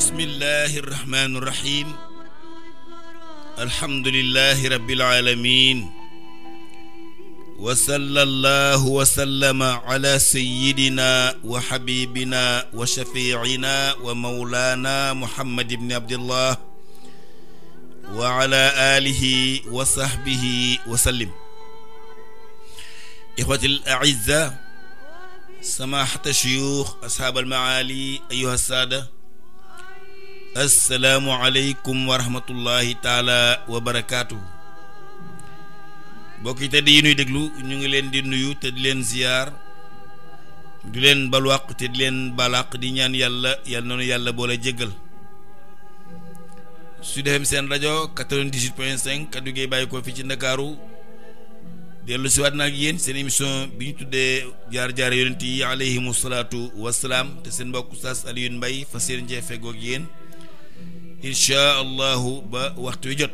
bismillahi irrahmani irrahim alhamdulilahi rabbil alamin wa sallallahu wa sallama ala sayyidina wa habibina wa shafiicina wa mawlaana muhammad ibni abdillah wa ala aalihi wa sahbihi wa sallim ixwati al-aizza samaaxata shuyuux ashaab al-maali ayyuha saada asalaamualeykum wa rahmatullahi taala wa barakaatu. mbokk yi te di yi nuy déglu ñu ngi leen di nuyu te di leen ziyaar du leen balwaq te di leen balaq di ñaan yàlla yàlla noonu yàlla boole jéggal Sud FM seen rajo 98 point 5 kaddu bàyyi ko fii ci ndakaaru dellu siwaat na ak yéen seen émission bi ñu tuddee jaar-jaar yonent yi aleyhimu salaatu wasalaam te seen mbokk Oustaz Alioune Mbaye fas yéene cee feggoog yéen incha allahu ba waxtu wi jot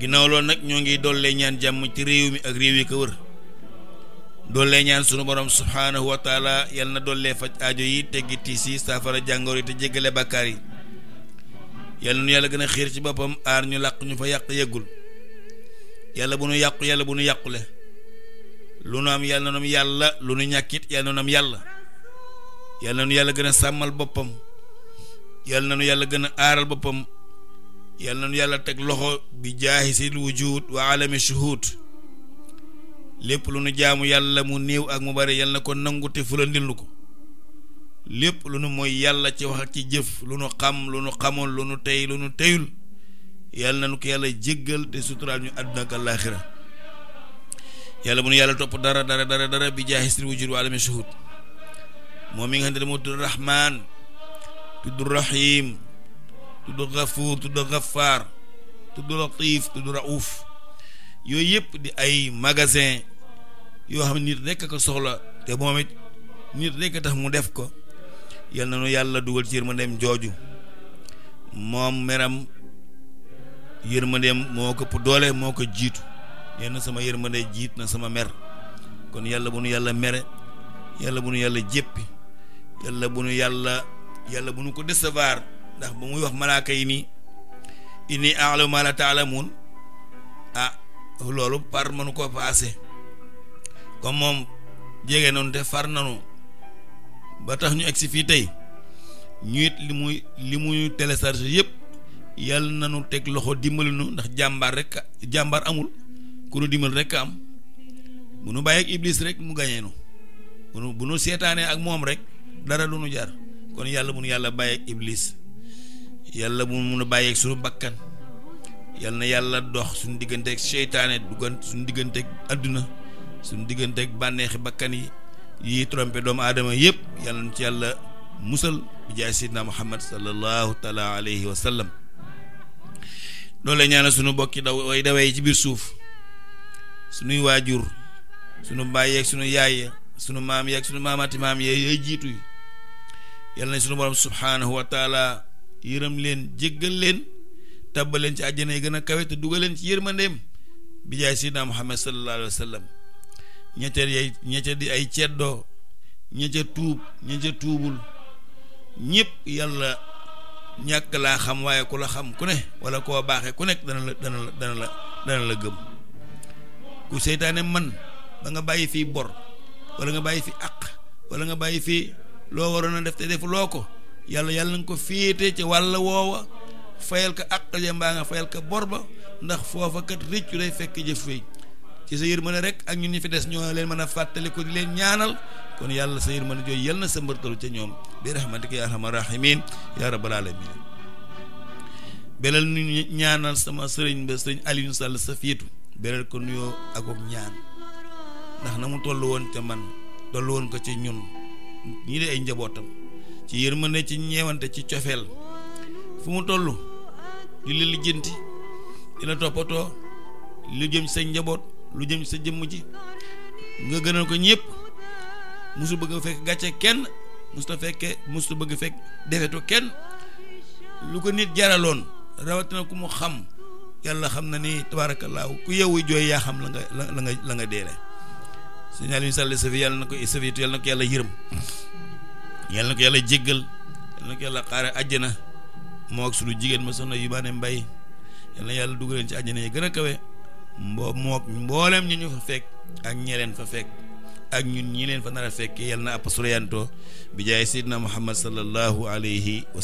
ginnaaw lool nag ñoo ngi dollee ñaan jàmm ci réew mi ak réew yi ko wër dollee ñaan sunu borom subhaanahu wa taala yal na dollee faj aajo yi teggi tiis saafara jàngoor yi te jéggale bàkkaar yi yal nu yàlla gën a xiir ci boppam aar ñu làq ñu fa yàq yëggul yàlla bu nu yàqu yàlla bu nu yàqule lu nu am yàlla na nu yàlla lu nu ñàkkit yàlla na nu am yàlla yàlla nu yàlla gën a sàmmal boppam yal na nu yàlla gën a aaral boppam yal na nu yàlla teg loxo bi jaahi sil wujud wa alami shuhud lépp lu nu jaamu yàlla mu néew ak mu bari yal na ko nangu te fulandil nu ko lépp lu nu mooy yàlla ci wax ci jëf lu nu xam lu nu xamoon lu nu tey lu nu teyul yal na nu ko yàlla jéggal te suturaal ñu àdduna ak àllaaxira yàlla bu nu yàlla topp dara dara dara dara bi jaahi sil wujud wa alami moom mi nga xam ne moo tudd rahmaan tudd rahim tudd gafuur tudd gafaar tudd latiif tudd raouf yooyu yëpp di ay magasin yoo xam nit rekk ko soxla te moom it nit rekk tax mu def ko yal na nu yàlla dugal ci yërmandeem jooju moom meram yërmandeem moo ko ëpp doole moo ko jiitu nee na sama yërmande jiit na sama mer kon yàlla bu nu yàlla mere yàlla bu nu yàlla jéppi yàlla bu nu yàlla yàlla bu nu ko décevoir ndax ba muy wax malaaka yi nii inni a'lamu ma la ta'lamun ah loolu par mënu ko passé comme moom jege noonu te far nanu ba tax ñu egsi fii tey ñu it li muy li muy téléchargé yëpp yàlla nanu teg loxo dimbali nu ndax jàmbaar rek jàmbaar amul ku nu dimbali rek am bu nu bàyyeeg iblis rek mu gañeenu bu nu bu nu seetaanee ak moom rek dara lu jar kon yàlla mun yàlla bàyyi ak yàlla mun mun a bàyyi suñu bakkan yàlla na yàlla dox suñu diggante ak seytaane duggan suñu diggante ak àdduna suñu diggante ak bànneexi bakkan yi yi trompé doomu aadama yëpp yàlla na musal bi jaay sidna muhammad sallallahu taala alayhi wa sallam loolu ñaanal suñu bokki daw way dawee ci biir suuf suñuy waajur suñu baay yeeg suñu yaay ya suñu maam yeeg suñu maamaati maam yee yooyu jiitu yi yàlla nañ sunu borom subhaanahu wa taala yërëm leen jéggal leen tàbbal leen ci àjjana yi gën a kawe te dugal leen ci yërmandeem bi jaay sidna muhammad sallallahu alayhi wa sallam ñecca yay ñecca di ay ceddoo ñecca tuub ñecca tuubul ñëpp yàlla ñàkk laa xam waaye ku la xam ku ne wala koo baaxee ku nekk dana la dana la dana la dana la gëm ku seytaane man ba nga bàyyi fii bor wala nga bàyyi fi àq wala nga bàyyi fii loo waroon a def te defuloo ko yàlla yàlla nga ko féete ca wàll woowa fayal ko àq ja mbaa nga fayal ka bor ba ndax foofa kat rëccu lay fekk jëf fay ci sa yërmande rek ak ñun ñi fi des ñoo leen mën a fàttali ko di leen ñaanal kon yàlla sa yërmande jooju yal na sa mbërtalu ca ñoom bi rahmatika ya arhamar rahimin ya balaale alamin belal nu ñaanal sama sëriñ ba sëriñ Alioune Sall sa fiitu belal ko nuyoo ak ñaan ndax na mu toll woon ca man toll ko ci ñun ñii de ay njabootam ci yërmande ci ñeewante ci cofeel fu mu toll di la lijjanti dina toppatoo lu jëm sa njaboot lu jëm sa jëmm ji nga gënal ko ñëpp musu bëgg fekk gàcce kenn musta fekke musta bëgg fekk defetu kenn lu ko nit jaraloon rawatina ku mu xam yàlla xam na ni tabaarakallaahu ku yewwu jooy yaa xam la la nga la nga deele sëñ Aliou Sall safi yàlla na ko safitu yàlla na ko yàlla yërëm yàlla na ko yàlla jéggal yàlla na ko yàlla xaare àjjana moo ak sunu jigéen ma soxna yu baane mbay yàlla na yàlla dugaleen ci àjjana yi gën a kawe mbo mook mbooleem ñu ñu fa fekk ak ñi leen fa fekk ak ñun ñi leen fa nar a fekk yàlla na app surayantoo bi jaay seydina muhammad sallallahu alayhi wa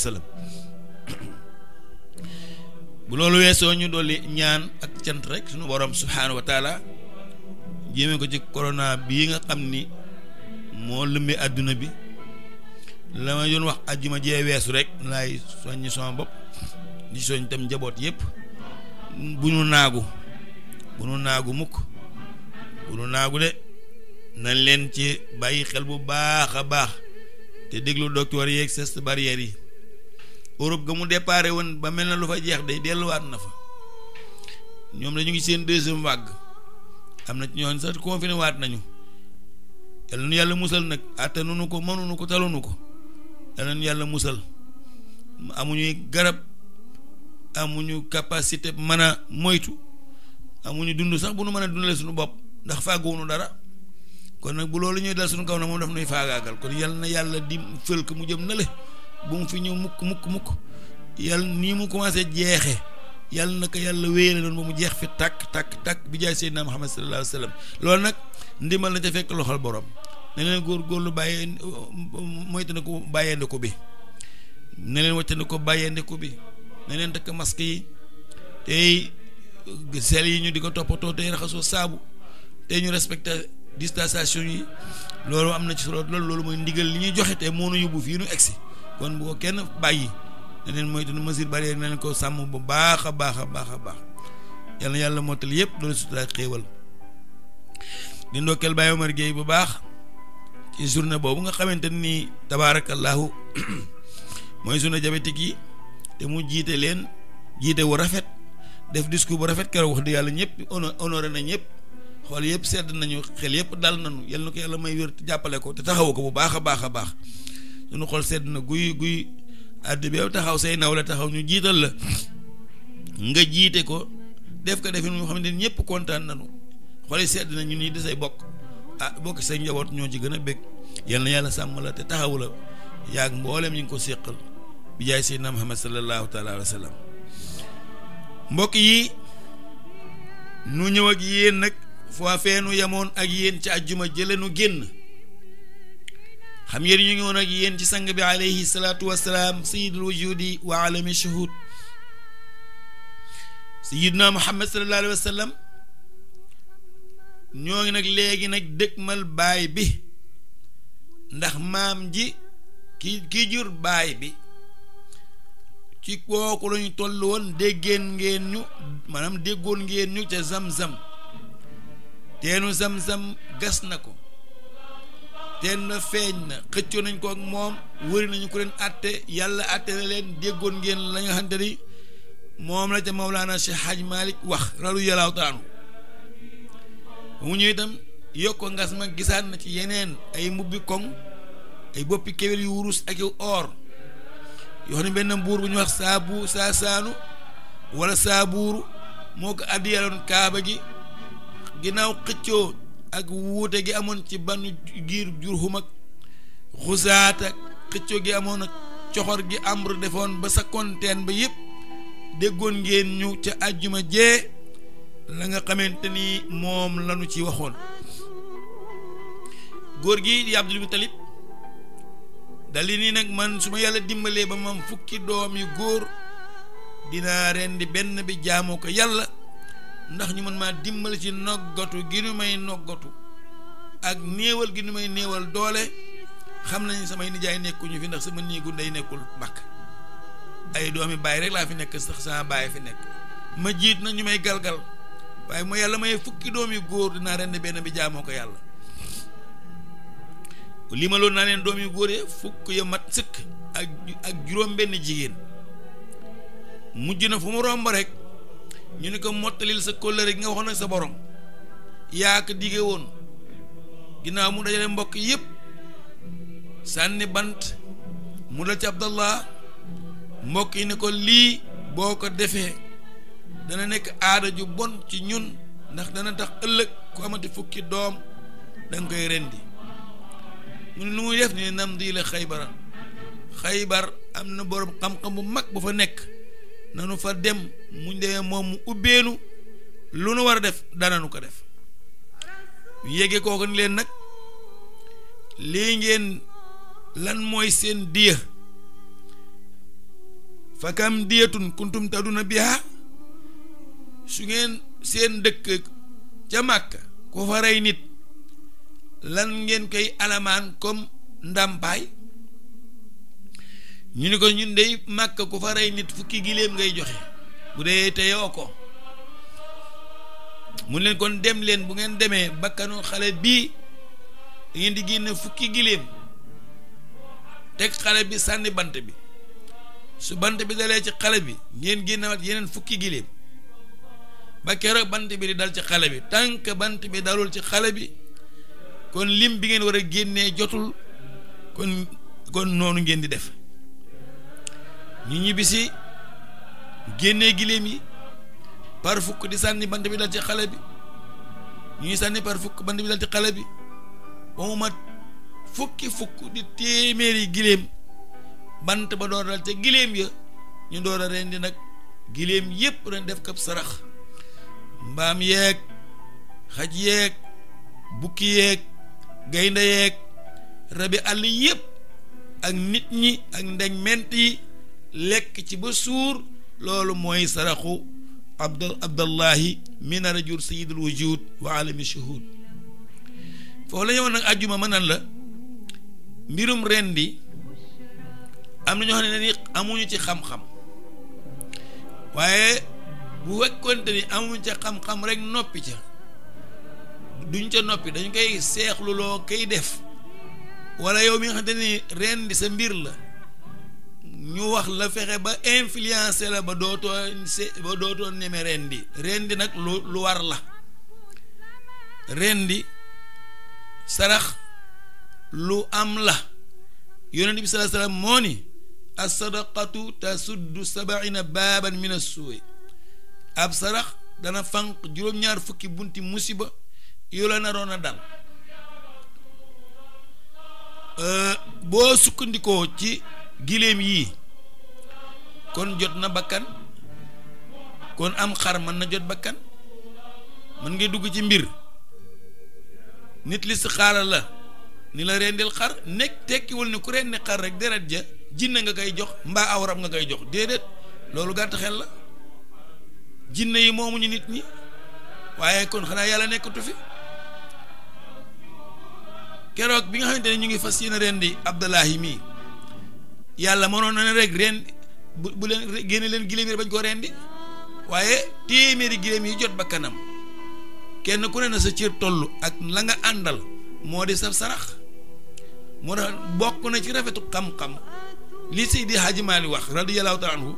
bu loolu weesoo ñu dolli ñaan ak cant rek suñu borom subhaanahu wa jéeme ko ci corona bii nga xam ni moo lëmbee àdduna bi la ma doon wax àjjuma jee weesu rek laay soññi sama bopp di soñ tam njaboot yépp bu ñu naagu bu ñu naagu mukk bu ñu naagu de na leen ci bàyyi xel bu baax a baax te déglu docteur yeeg gestes barrières yi Europe ga mu déparé woon ba mel na lu fa jeex day delluwaat na fa ñoom dañu ngi seen deuxième vague am na ñooñ sax confiné waat nañu yal nañu yàlla musal nag àttanunu ko mënunu ko talunu ko yal nañu yàlla musal amuñuy garab amuñu capacité mën a moytu amuñu dund sax bu nu mën a dundale suñu bopp ndax fàgguwunu dara kon nag bu loolu ñuy dal suñu kaw na moom daf nuy faagaagal kon yal na yàlla di fël mu jëm na le bu mu fi ñëw mukk mukk mukk yal nii mu commencé jeexe yàlla na yàlla yàlla wéyale noonu ba mu jeex fi tàkk tàkk tàkk bi jaay Seydina Muhammad sallallahu alayhi wa sallam loolu nag ndimbal na ca fekk loxol borom na leen góor góorlu bàyyee moytu na ko bàyyeendiku bi na leen wacte na ko bi na neen takk masque yi tey sel yi ñu di ko toppatoo tey raxasoo saabu tey ñu respecte distanciation yi loolu am na ci solo loolu mooy ndigal li ñuy joxe tey moo nu yóbbu fii nu si kon bu ko kenn bàyyi na mooy moytu mesure barrière na leen ko sàmm bu baax a baax a baax a baax yàlla yàlla mottali yëpp loolu sutura xéewal di ndokkeel Baye Omar Gueye bu baax ci journée boobu nga xamante ni tabaarakallaahu mooy journée diabétique yi te mu jiite leen jiite wu rafet def discours bu rafet keroog wax di yàlla ñëpp honoré na ñëpp xool yëpp sedd nañu xel yëpp dal nañu yal na ko yàlla may wér te jàppale ko te taxawu ko bu baax a baax a baax suñu xool sedd na addu beew taxaw say naw la taxaw ñu jiital la nga jiite ko def ko defin mu xam ne ñëpp kontaan nañu xool sedd na ñu nii di bokk ah bokk say njaboot ñoo ci gën a bég yal na yàlla sàmm la te taxaw la yaag mbooleem ñu ngi ko séqal bi jaay seydina Muhammad sallallahu taala wa mbokk yi nu ñëw ak yéen nag foofee nu yemoon ak yéen ci àjjuma jële nu génn xam ngeen ñu ngi woon ak ci sang bi alayhi wa salaam sayidul wujudi wa alami shuhud sayiduna muhammad sallallahu alayhi wa sallam ñoo ngi nag léegi nag dëkkmal baay bi ndax maam ji ki ki baay bi ci kooku lañu toll woon déggeen ngeen ñu déggoon ngeen ñu ca zam-zam teenu zam-zam gas na ko teen feeñ na xëccoo nañ ko ak moom wëri nañu ko leen atte yàlla atte na leen déggoon ngeen la nga xamante ni moom la ca Mawlaana Cheikh Hadj Malick wax ralu yàllaaw taanu mu ñëw itam yokk ngas ma gisaat na ci yeneen ay mbubbi koŋ ay boppi kéwél yu wurus ak yu or yoo xam ne benn buur bu ñu wax saa bu saa saanu wala saa buuru moo ko addi yàlloon kaaba ji ginnaaw xëccoo ak wuute gi amoon ci banu giir Jurhum ak xusaat ak xëccoo gi amoon ak coxor gi amru defoon ba sakkonteen ba yépp déggoon ngeen ñu ca àjjuma jee la nga xamante ni moom lañu ci waxoon góor gi di Abdul Mutalib dali nii nag man su yàlla dimbalee ba mam fukki doom yi góor dinaa rendi benn bi jaamoo ko yàlla ndax ñu man maa dimbali ci noggatu gi nu may noggatu ak néewal gi nu may néewal doole xam nañ samay nijaay nekkuñu fi ndax sama néegu day nekkul mbàkk ay doomi baay rek laa fi nekk sax sama baay fi nekk ma jiit na ñu may galgal waaye mu yàlla may fukki doom yu góor dinaa rend benn bi jaamoo ko yàlla li ma loolu naa leen doom yu góor ya fukk ya mat sëkk ak juróom benn jigéen mujj na fu mu romb rek ñu ni ko mottalil sa kóllëre gi nga waxoon ak sa borom yaa ko dige woon ginnaaw mu dajale mbokk yëpp sànni bant mu dal ci abdallah mbokk yi ne ko lii boo ko defee dana nekk aada ju bon ci ñun ndax dana tax ëllëg ku amati fukki doom da koy rendi mu ne lu muy def ni nam dii la xaybar am na boroom xam-xam bu mag bu fa nekk nanu fa dem mu demee moom mu ubbeenu lu nu war a def dananu ko def ñu yéegee kooku ni leen nag lii ngeen lan mooy seen diya fa kam diyatun kuntum bi biha su ngeen seen dëkk ca màkk ku fa rey nit lan ngeen koy alamaan comme ndàmpaay ñu ni ko ñun day màkk ku fa rey nit fukki giléem ngay joxe bu dee te yoo ko mu leen kon dem leen bu ngeen demee bakkanu xale bii da di génne fukki giléem teg xale bi sànni bant bi su bant bi dalee ci xale bi ngeen génnewaat yeneen fukki giléem ba keroog bant bi di dal ci xale bi tànk bant bi dalul ci xale bi kon lim bi ngeen war a génnee jotul kon kon noonu ngeen di def ñu ñibbisi génnee giléem yi par fukk di sànni bant bi dal ci xale bi ñu ñuy sànni par fukk bant bi dal ci xale bi ba mu mat fukki fukk di téeméeri giléem bant ba door dal ca giléem ya ñu door a rendi nag giléem yépp ren def kab sarax mbaam yeeg xaj yeeg bukki yeeg gaynde yeeg rabi àll yépp ak nit ñi ak ndeñ ment yi lekk ci ba suur loolu mooy saraxu abd abdallahi min rajul sayidul wujud wa alami shuhud foofu la ñëwoon nag ajjuma ma la mbirum rendi am na ñoo xam amuñu ci xam waaye bu wekkonte ni amuñu ca xam-xam rek noppi ca duñ ca noppi dañ koy seexluloo kay def wala yow mi nga xamante ni rendi sa mbir la ñu wax la fexe ba influencé la ba dootoo ba dootoo ñeme rendi rendi nag lu lu war la rendi sarax lu am la yonent bi salaa salaam moo ni assadaqatu tasuddu sabaina baaban min assuwe ab sarax dana fànq juróom-ñaar fukki bunti musiba yoo la naroon a dal euh, boo sukkandikoo ci giléem yii kon jot na bakkan kon am xar mën na jot bakkan mën ngay dugg ci mbir nit li si xaaral la ni la rendil xar nekk tekkiwul ni ku rendi xar rek deret ja jinne nga koy jox mbaa aw rab nga koy jox déedéet loolu gàtt xel la jinne yi moomuñu nit ñi waaye kon xanaa yàlla nekkatu fi keroog bi nga xamante ne ñu ngi fas yéene rendi Abdallahi mii yàlla mënoon na ne rek ren bu bu leen génne leen gileem yi bañ koo rendi waaye téeméeri gileem yi jot ba kanam kenn ku ne na sa cër toll ak la nga àndal moo di sa sarax moo tax bokk na ci rafetu xam-xam li si di Malick wax radiyallahu taala anhu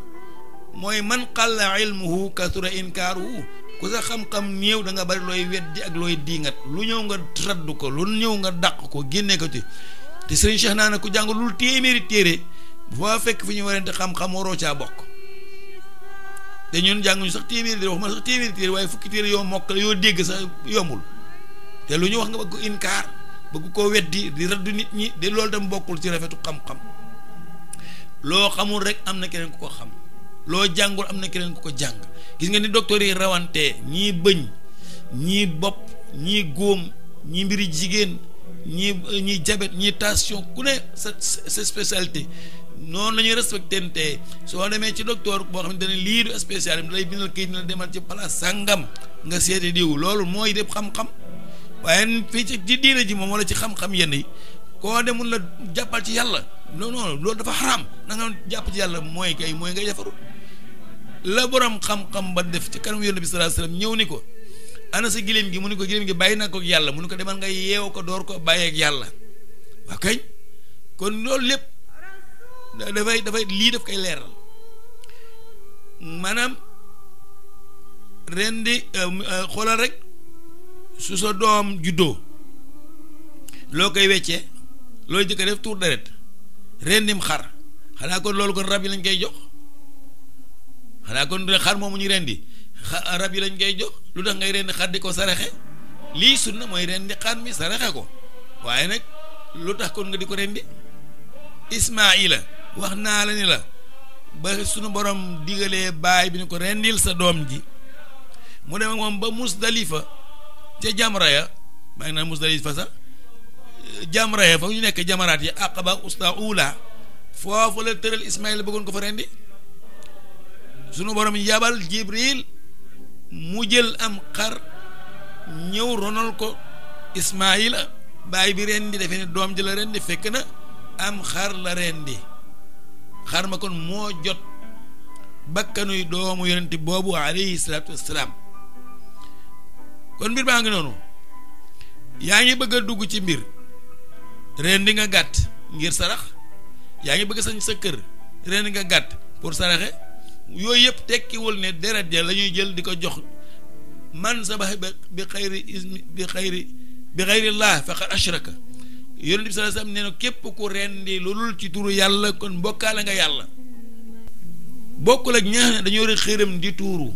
mooy man qalla ilmuhu kasura inkaaruhu ku sa xam-xam néew da nga bari looy weddi ak looy diingat lu ñëw nga raddu ko lu ñëw nga dàq ko génne ko ci te Serigne Cheikh naa ne ku jàng lul téeméeri téere foo fekk fi ñu warante xam-xam waroo caa bokk te ñun jànguñu sax téeméeri di wax ma sax téeméeri téere waaye fukki téere yoo mokk la yoo dégg sax yombul te lu ñu wax nga bëgg ko inkaar bëgg koo weddi di raddu nit ñi de loolu tam bokkul ci rafetu xam-xam loo xamul rek am na keneen ku ko xam loo jàngul am na keneen ku ko jàng gis nga ni docteur yi rawante ñii bëñ ñii bopp ñii góom ñii mbiri jigéen ñii ñii jabet ñii tension ku ne sa sa spécialité noonu la ñuy respectante soo demee ci docteur boo xam ne dana lii du spécial da lay bindal na demal ci place sàngam nga seeti diw loolu mooy def xam-xam waaye fii ci ci ji moom wala ci xam-xam yenn yi koo demul la jàppal ci yàlla non non loolu dafa xaraam na nga jàpp ci yàlla mooy kay mooy nga defaru la borom xam-xam ba def ci kanam yonent bi sallallahu alayhi wasallam ñëw ni ko ana sa giléem gi mu ni ko giléem gi bàyyi na ko ak yàlla mu ni ko demal nga yeew ko door ko bàyyeeg yàlla waa kañ kon loolu lépp dafay dafay lii daf koy leeral maanaam rendi euh, euh, xoolal rek su sa doom juddoo loo koy weccee looy jëkk def tuur deret rendim xar xanaa kon loolu kon rab yi lañ kay jox xanaa kon xar moomu ñu rendi rab yi lañ kay jox lu tax ngay rendi xar di ko saraxe lii na mooy rendi xar mi saraxe ko waaye nag lu tax kon nga di ko rendi Ismaila wax naa la ni la ba sunu borom digalee baay bi ni ko rendil sa doom ji mu dem moom ba musdalifa ca jamra ya maa ngi naan musdalifa sax jamra ya fa ñu nekk jamaraat ya aqaba usta ula foofu la tëral ismail bëggoon ko fa rendi sunu borom yabal jibril mu jël am xar ñëw ronal ko ismaila baay bi rendi defe ne doom ji la rendi fekk na am xar la rendi xar ma kon moo jot bakkanuy doomu yonente boobu alayhi salaatu wassalaam kon mbir maa ngi noonu yaa ngi bëgg a dugg ci mbir ren di nga gàtt ngir sarax yaa ngi bëgg sañ sa kër ren di nga gàtt pour saraxe yooyu yëpp tekkiwul ne deret ja la ñuy jël di ko jox man sabax bi xayri ismi bi xayri bi xayrillah faqad ashraka yonent bi sallallahu alayhi wasallam nee na képp ku rendi loolul ci turu yàlla kon bokkaale nga yàlla bokkul ak ñi ne dañoo rek xërëm di tuuru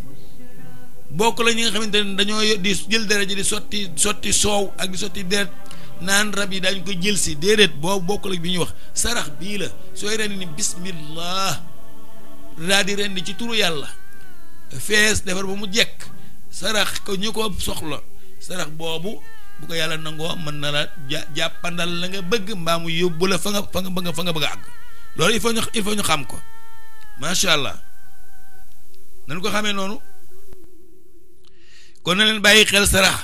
bokk ak ñu nga xamante ne dañoo di jël deret ji di sotti sotti soow ak di sotti deret naan rab yi dañ ko jël si déedéet boobu bokkul ak bi ñuy wax sarax bii la sooy rendi ni bismillah daa di rendi ci turu yàlla fees defar ba mu jekk sarax ko ñu ko soxla sarax boobu bu ko yàlla nangoo mën na la ja jàppandal la nga bëgg mbaa yóbbu la fa nga fa bëgg fa bëgg àgg loolu il faut ñu il faut ñu xam ko macha allah nañu ko xamee noonu kon na leen bàyyi xel sarax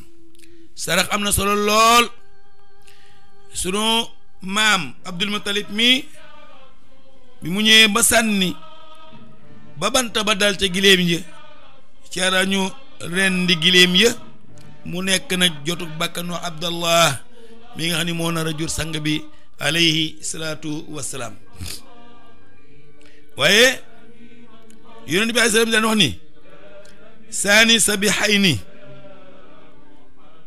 sarax am na solo lool sunu maam Abdul Muttalib mi bi mu ñëwee ba sànni ba bant ba dal ca giléem ya ca dañu rendi giléem ya mu nekk na nag jotuk bakkanu abdallah mi nga xam ni moo nar a jur sang bi alayhi salaatu wassalaam waaye yonent bi alayhi salaam daan wax ni saani sabihayni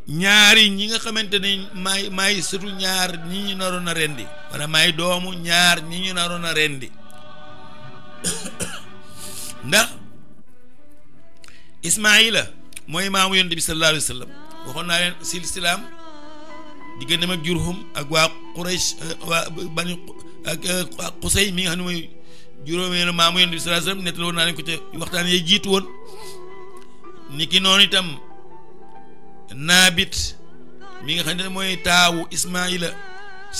ñaari ñi nga xamante ni maay maay sutu ñaar ñi ñu naroon na rendi wala maay doomu ñaar ñi ñu naroon a rendi ndax ismaila mooy maamu yonent bi sallallahu alayhi wa sallam waxoon naa leen silsilaam diggante ak Jurhum ak waa Quraysh waa bani ak Qusay mi nga xam ne mooy juróomeelu maamu yonent bi sallallahu alayhi wa sallam nettali woon naa leen ko te waxtaan yee jiitu woon ni ki noonu itam naabit mi nga xam ne mooy taawu Ismaila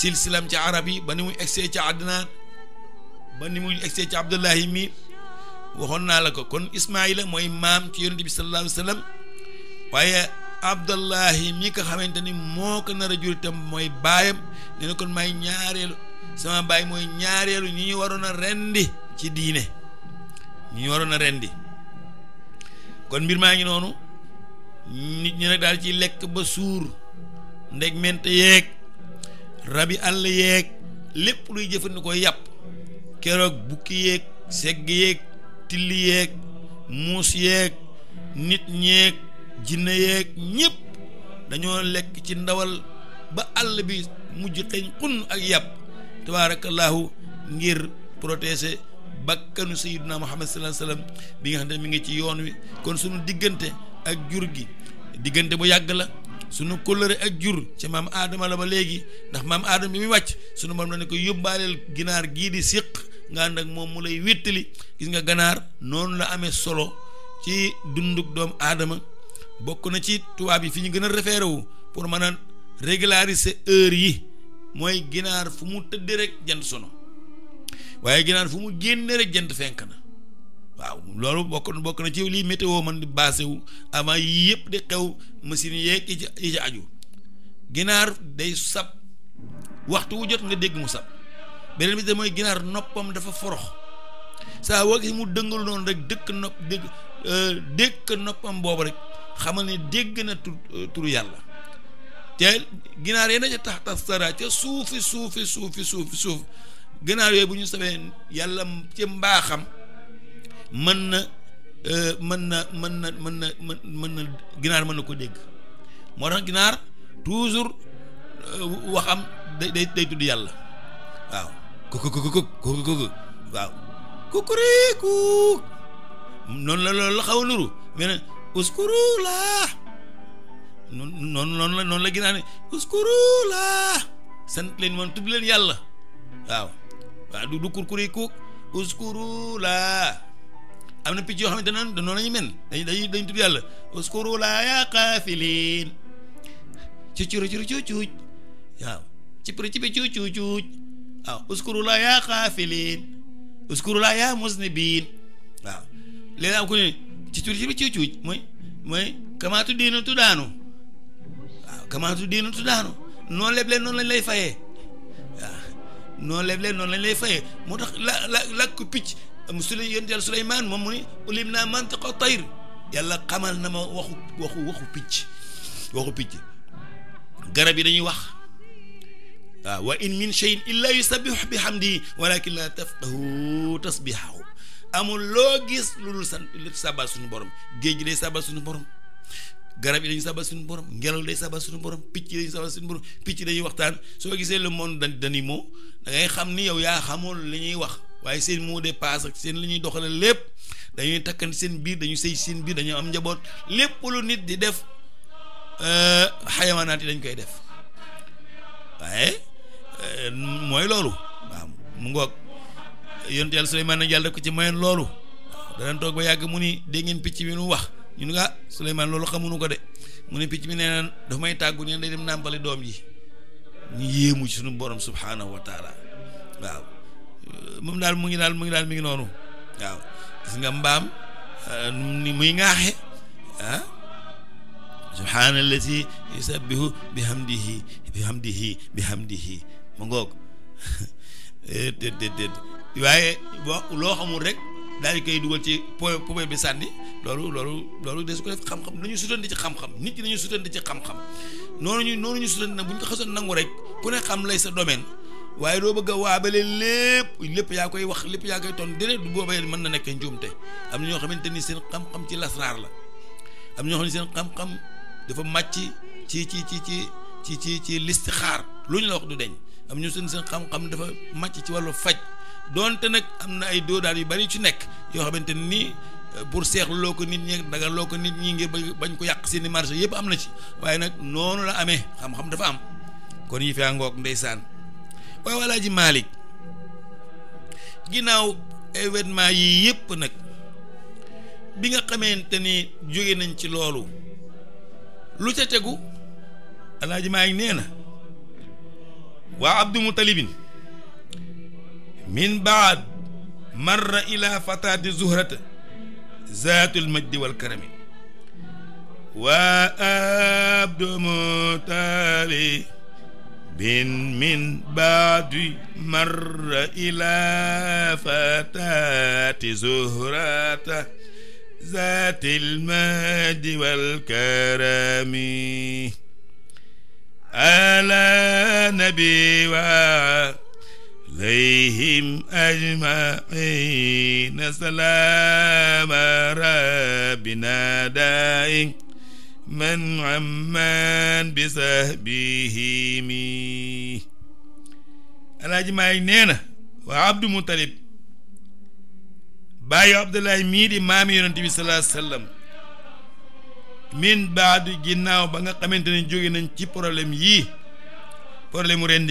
silsilaam ci arab yi ba ni muy egsee ci Adnaan ba ni muy egsee ci Abdullahi mi waxoon naa la ko kon Ismaila mooy maam ci yonent bi sallallahu alayhi wa sallam waaye abdallahi mi nga xamante ni moo ko nar a jur mooy baayam ne na kon may ñaareelu sama baay mooy ñaareelu ñu ñu waroon a rendi ci diine ñu ñu waroon a rendi kon mbir maa ngi noonu nit ñi nag daal ci lekk ba suur ndeg ment yeeg rabi àll yeeg lépp luy jëfandikoo yàpp keroog bukki yeeg segg yeeg tilli yeeg muus yeeg nit ñeeg jinne yeeg ñëpp dañoo lekk ci ndawal ba àll bi mujj xeeñ xunn ak yàpp tabaarakallaahu ngir protéger bakkanu sayyidina muhammad sallallahu alayhi wasallam bi nga xam ne mu ngi ci yoon wi kon sunu diggante ak jur gi diggante bu yàgg la sunu kóllëre ak jur ci maam aadama la ba léegi ndax maam aadama bi muy wàcc sunu maam dana ko yóbbaaleel ginaar gii di siq nga ànd ak moom mu lay wéttali gis nga ganaar noonu la amee solo ci dunduk doomu aadama bokk na ci tubaab yi fi ñu gën a référé wu pour mën a régulariser heure yi mooy ginaar fu mu tëdd rek jant sono waaye ginaar fu mu génne rek jant fenk na waaw loolu bokk bokk na ci lii météo man di basé wu avant yii yëpp di xew machine yeeg yi ci yi ci ginaar day sab waxtu wu jot nga dégg mu sab beneen bi de mooy ginaar noppam dafa forox saa woo mu dëngal noonu rek dëkk nopp dëkk euh, dëkk noppam boobu rek xamal ne dégg na tur euh, turu yàlla te ginaar yéen ca tax tax sara ca suufi suufi suufi suufi ginaar yooyu bu ñu sabee yàlla ci mbaaxam euh, mën na mën na mën na mën na mën na ginaar mën na ko dégg moo tax ginaar toujours euh, waxam day day tudd yàlla waaw kuk noonu la loolu la xaw nuru mais uskuru laa noonu la noonu la ginaar ne uskuru laa leen moom tudd leen yàlla waaw waaw du du kurkuri am na picc yoo xamante ne noonu la ñu mel dañuy dañuy dañuy tudd yàlla uskuru laa yaa xaafiliin ci curu curu cuucuuj waaw ci puru ci yaa xaafiliin uskuru yaa musnibiin waaw léegi am ku ne ci tur ci ba cuuj mooy mooy kamaatu diinu tu daanu waaw kamaatu noonu leb leen noonu lañ lay fayee waaw noonu leb leen noonu lañ lay fayee moo tax la la lakk picc su la yonent yàlla Suleymaan moom mu ne ulim naa mantiqa tayr yàlla xamal na ma waxu waxu waxu picc waxu picc garab yi dañuy wax waaw wa in min shay'in illaa yusabbihu bihamdihi walakin laa tafqahu tasbihahu amul loo gis lu dul sant lu sabal suñu borom géej gi day sabal suñu borom garab yi dañu sabal suñu borom ngelaw day sabal suñu borom picc yi dañu sabal suñu borom picc dañuy waxtaan soo gisee le monde d'animaux da ngay xam ni yow yaa xamoon li ñuy wax waaye seen mot de passe ak seen li ñuy doxale lépp dañuy takkan seen biir dañu sëy seen biir dañu am njaboot lépp lu nit di def euh, xayawaanaat yi dañ koy def waaye euh, mooy loolu mu ngoog yonent yàlla Suleymaan yàlla def ko ci mayoon loolu danañ toog ba yàgg mu ni dégg picc mi nu wax ñu ne ah Suleymaan loolu xamuñu ko de mu ne picc mi nee naan may tàggu neen day dem nàmpale doom ji ñu yéemu ci suñu borom subhaanahu wa taala waaw moom daal mu ngi daal mu ngi daal mi ngi noonu waaw gis nga mbaam euh, ni muy ŋaaxe ah subhaanallazi yusabbihu bihamdihi bihamdihi bihamdihi ma ngoog déet déet waaye boo loo xamul rek daal di koy dugal ci po poubelle bi sànni loolu loolu loolu des ko def xam-xam nañu ci xam-xam nit ñi nañu sutandi ci xam-xam noonu ñu noonu ñu sutandi nag bu xasoon nangu rek ku ne xam lay sa domaine waaye doo bëgg a waabale lépp lépp yaa koy wax lépp yaa koy ton déedéet du mën na nekk njuumte am ñoo xamante ni seen xam-xam ci lasraar la am na ñoo xam ne dafa màcc ci ci ci ci ci ci ci listixaar lu ñu la wax du deñ am ñu seen seen xam-xam dafa màcc ci wàllu faj donte nag am na ay doodaan yu bari ci nekk yoo xamante ni pour seexloo ko nit ñi ko nit ñi ngir bañ ko yàq seeni marché yépp am na ci waaye nag noonu la amee xam-xam dafa am kon yi fi ngoog ndeysaan waaye walaa ji Malick ginnaaw événement yii yëpp nag bi nga xamante ni jóge nañ ci loolu lu ca tegu alaaji Malick nee na waa Abdou talibin min baad marra ila fataati zuhrata zaatul majdi wal karami wa abdu mutali bin min baadi marra ila fataati zuhrata zaatil majdi wal karami ala nabi wa layhim ajmaina salaama rabbina daa'im man amman bi sahbihimi alaaji maay nee na waa abdu mutalib bàyyi abdullahi mii di maami yonente bi salaa sallam min baadu ginnaaw ba nga xamante ne jóge nañ ci problème yi problème mu rend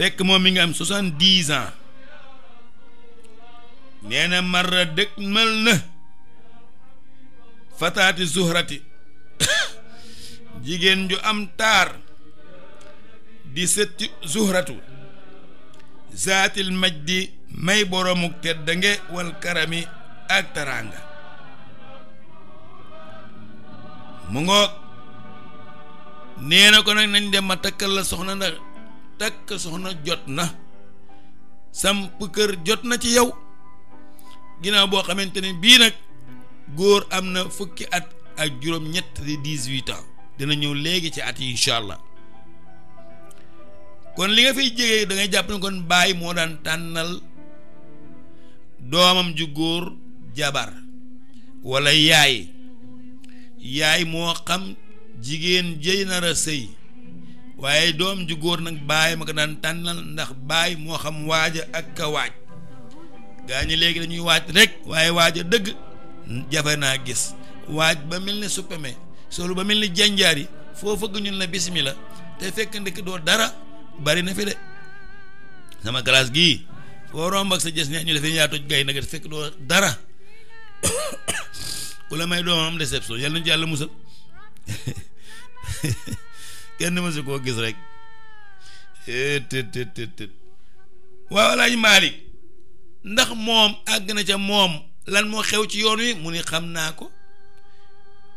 fekk moom mi ngi am soixante-dix nee na marra dëkk mal na fataati zuhrati jigéen ju am taar di sëtti zuhratu maj majdi may boromuk teddange wal karami ak taraanga mu ngoog nee na ko nag nañ dem ma takkal soxna ndax takk soxna jot na samp kër jot na ci yow ginnaaw boo xamante ne bii nag góor am na fukki at ak juróom-ñett di dix-huit dina ñëw léegi ci at yi incha kon li nga fiy jege da ngay jàpp ne baay moo daan tànnal doomam ju góor jabar walla yaay yaay moo xam jigéen jëy nar a waaye doom ju góor nag baay ma ko daan tànnal ndax baay moo xam waaja ak ka waaj gaa ñi léegi dañuy waaj rek waaye waaja dëgg jafe naa gis waaj ba mel ni suppame solu ba mel ni jànjaar yi foo fëgg ñun la bismillah te fekk ndekk doo dara bari na fi de sama classe gii foo romb ak sa gis ne ñu defee yaa toj gay nag fekk doo dara ku la may doomam déception yàlla nañ ci yàlla musal kenn mësu koo gis rek tëtëtëtët eh, waaw Alaaji Maalik ndax moom àgg na ca moom lan moo xew ci yoon wi mu ni xam naa ko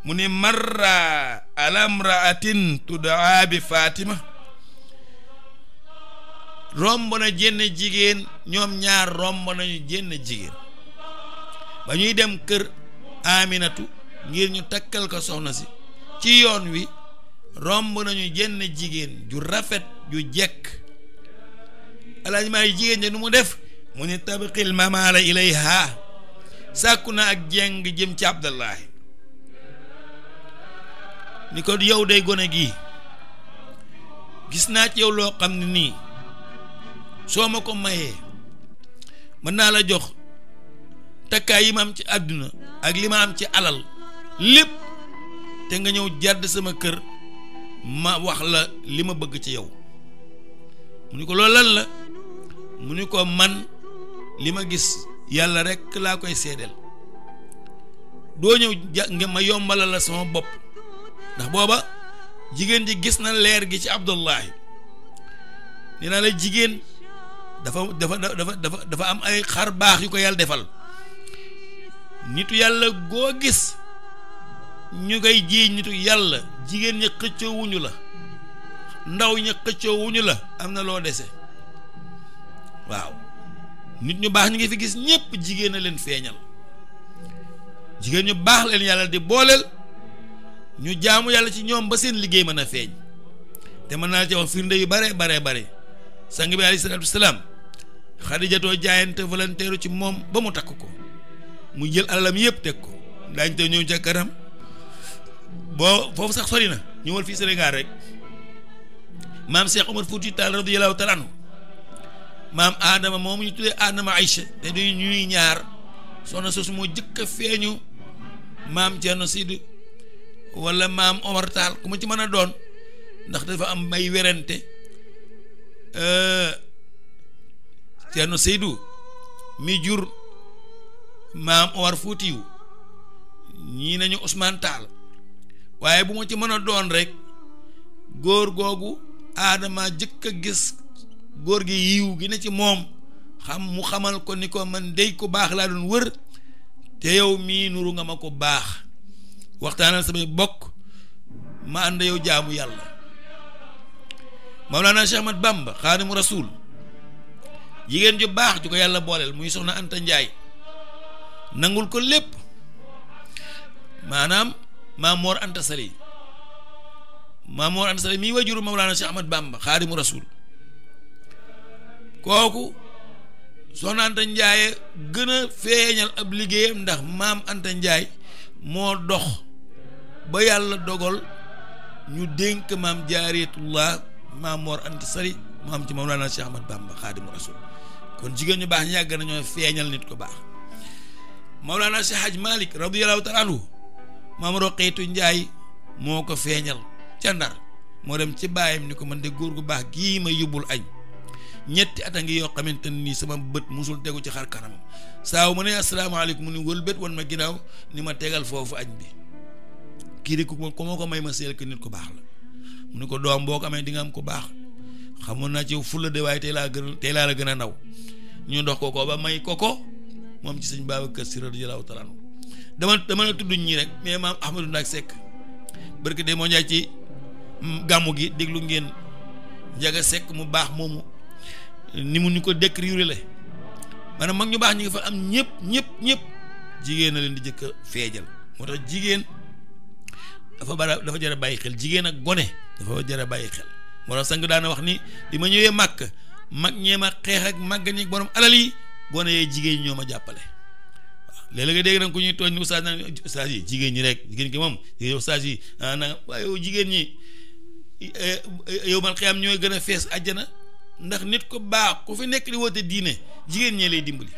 mu ni marra ala mraatin tudaa bi Fatima romb na jenn jigéen ñoom ñaar romb nañu jenn jigéen ba ñuy dem kër Aminatu ngir ñu takkal ko soxna si ci yoon wi romb nañu jenn jigéen ju rafet ju jekk alaaj maay jigéen ja nu mu def mu ni tabqil mamaala ilayha sàkku na ak jeng jëm ci abdallahi ni ko yow day gone gii gis naa ci yow loo xam ne nii soo ma ko mayee mën naa la jox takkaay yi ma am ci àdduna ak li ma am ci alal lépp te nga ñëw jàdd sama kër ma wax la li ma bëgg ci yow mu ni ko loolu lan la mu ni ko man li ma gis yàlla rekk laa koy seedeel doo ñëw nga ma yombalal la sama bopp ndax booba jigéen ji gis na leer gi ci Abdullahi nee naa la jigéen dafa dafa dafa dafa dafa am ay xar baax yu ko yàlla defal nitu yàlla goo gis ñu ngay jiiñ nitu yàlla jigéen ña xëccoo wuñu la ndaw ña xëccoo wuñu la am na loo dese waaw nit ñu baax ñu ngi fi gis ñépp jigéen a leen feeñal jigéen ñu baax leen yàlla di booleel ñu jaamu yàlla ci ñoom ba seen liggéey mën a feeñ te mën naa la ci wax firnde yu bare bare bare sang bi alayhi salaatu salaam xadijatoo jaayante ci moom ba mu takk ko jël alalam yëpp teg ko daañ ñëw ca kanam boo foofu sax sori na ñëwal fii Sénégal rek maam Cheikh Omar Fouti Tall radiyallahu taala anhu maam Adama moomu ñu tuddee Adama Aïcha te ñaar soxna jëkk a feeñu maam Thierno Sidi maam Omar ci mën a doon ndax dafa am may werante euh, Thierno Seydou mi jur maam Omar Foutiou ñii nañu Ousmane Tall. waaye bu ma ci mën a doon rek góor googu aadama jëkk a gis góor gi yiw gi ne ci moom xam mu xamal ko ni ko man dey ko baax laa doon wër te yow mii nuru nga ma ko baax waxtaanal samay bokk ma ànd yow jaamu yàlla Mawlana Cheikh Ahmad Bamba Xaadimu Rasuul jigéen ju baax ju ko yàlla booleel muy soxna Anta Njaay nangul ko lépp maanaam maam Mor Anta Sali maam Mor Anta Sali mii wajuru Mawlaana Cheikh Ahmad Bamba xaadimu rasul kooku soxna Anta Ndiaye gën a feeñal ab liggéeyam ndax maam Anta Ndiaye moo dox ba yàlla dogal ñu dénk maam jaariyatullah maam Mor Anta mu am ci Mawlaana Cheikh Ahmad Bamba xaadimu rasul kon jigéen ñu baax ñu yàgg nañoo feeñal nit ko baax Mawlaana Cheikh Haj Malick radiyallahu taala anhu maam roqeetu njaay moo ko feeñal ca ndar moo dem ci baayam ni ko man de góor gu baax gii ma yóbbul añ ñetti at a ngi yoo xamante ni nii sama bët musul tegu ci xar kanamam saaw ma ne asalaamaaleykum mu ni wëlbët wan ma ginnaaw ni ma tegal foofu añ bi kii di ku ma ko may ma seel ki nit ku baax la mu ni ko doom boo ko amee dinga am ko baax xamoon naa ci fulla de waaye tey laa gën tey laa la gën a ndaw ñu ndox ko ko ba may ko ko moom ci sëñ Babacar Si radiyallaahu taala dama dama la tudd ñi rek mais maam Ahmadou Ndak sekk barke de moo ñaay ci gàmmu gi déglu ngeen Njaga sekk mu baax moomu ni mu ñu ko décrire man a mag ñu baax ñi nga fa am ñëpp ñëpp ñëpp jigéen na leen di jëkk a feejal moo tax jigéen dafa bara dafa jar bàyyi xel jigéen ak gone dafa jar a bàyyi xel moo tax sang daana wax ni bi ma ñëwee màkk mag ñee ma xeex ak màgg ñi borom alal yi gone yee jigéen ñoo ma jàppale léeg-léeg nga dégg nag ku ñuy tooñ ustaas na ustaas yi jigéen ñi rek jigéen ki moom jigéen ustaas yi ah waaye yow jigéen ñi eh, eh, yow man gën a fees àjjana ndax nit ku baax ku fi nekk di woote diine jigéen ñee lay dimbali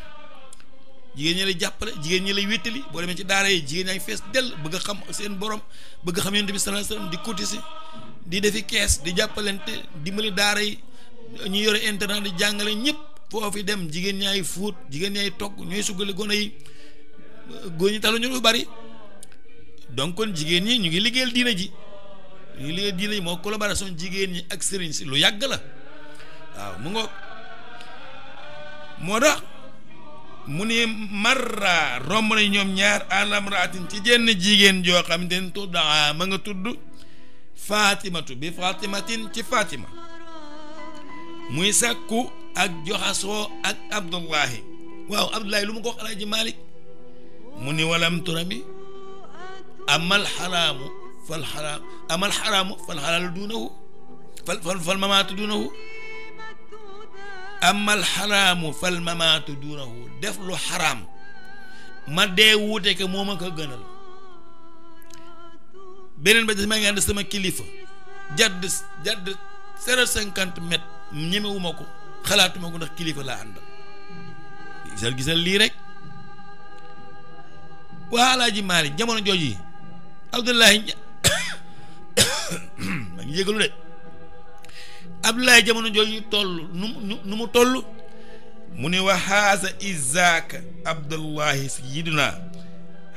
jigéen ñi lay jàppale jigéen ñi lay wéttali boo demee ci daara yi jigéen ñaa ngi fees dell bëgg a xam seen borom bëgg a xam yonent bi sallallahu alayhi wasallam di cotiser di defi kees di jàppalante dimbali daara yi ñu yore internet di jàngale ñëpp foo fi dem jigéen ñaay fóot jigéen ñaay togg ñooy sugale gone yi góor ñi taluñu lu bari donc kon jigéen ñi ñu ngi liggéeyal diina ji ñu ngi liggéeyal diina ji moo collaboration jigéen ñi ak sëriñ si lu yàgg la waaw mu ngoog moo tax mu ne marra romb nañ ñoom ñaar alamraatin ci jenn jigéen joo xam ne tuddaa ma nga tudd fatimatu bi fatimatin ci fatima muy sàkku ak joxasoo ak abdullahi waaw abdullahi lu mu ko wax alaaji malik mu ni walam turami amal xaraamu fal xaraam amal xaraamu fal xalaalu duunahu fal fal fal mamaatu def lu xaraam ma dee wuute ke moo ma ko beneen ba des sama kilifa jadd jadd zéro cinquante mètres ñemewuma ko xalaatuma ko ndax kilifa laa àndal gisal gisal lii waa alaaji Maalik jamono jooj yi Abdoulaye maa ngi yëgalu de Abdoulaye jamono jooj yi toll nu mu nu mu toll mu ne wa haasa isaaka Abdullahi sayiduna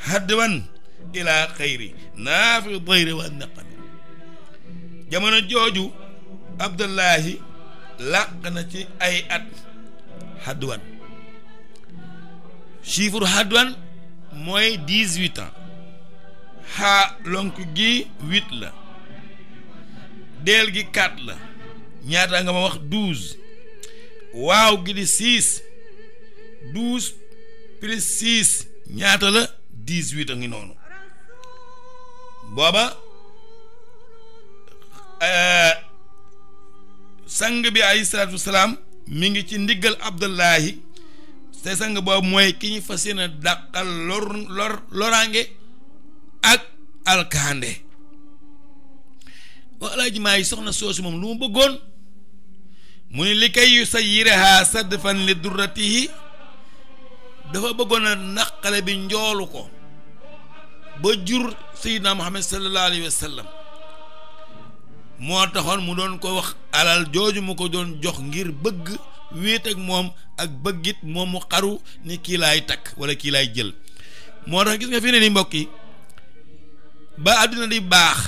hadwan ila xayri naafi dayri wa naqami jamono jooju Abdullahi làq ci ay at hadwan chiifur hadwan mooy dix-huit ans xaa lonk gi huit la deel gi quatre la ñaata nga ma wax douze waaw gi di six douze plus ñaata la dix-huit a ngi noonu booba eh, sang bi alayhi salaatu mu ngi ci ndiggal Abdullahi seen sang boobu mooy ki ñu fas yéene dàqal loraange ak alkaande wa alaaji maa yi soxna soosu moom lu mu bëggoon mu ni li kay yu sa yiraha sadfan li durratihi dafa bëggoon a naqale bi njoolu ko ba jur sayidna muhammad sallallahu alayhi wa sallam moo taxoon mu doon ko wax alal jooju mu ko doon jox ngir bëgg wéet ak moom ak bëggit moom mu xaru ni kii laay takk wala kii laay jël moo tax gis nga fi ne ni mbokk yi ba àdduna di baax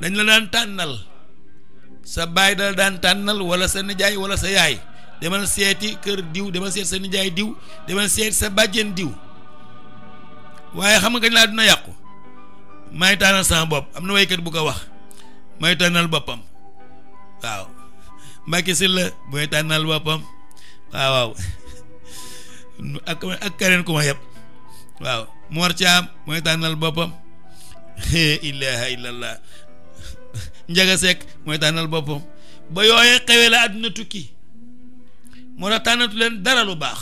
dañ la daan tànnal sa baay dala daan tànnal wala sa nijaay wala sa yaay demal seeti kër diw demal seet sa nijaay diw demal seeti sa bàjjen diw waaye xam nga kañ la àdduna yàqu may tànnal sama bopp am na waykat bu ko wax may tànnal boppam waaw Mbacke Sylla booy tànnal boppam waaw waaw ak ak keneen ku waaw Mor Thiam mooy tànnal boppam ilaha illallah Njaga Seck mooy tànnal boppam ba yooyee xewee la àdduna tukki moo tax tànnatu leen dara lu baax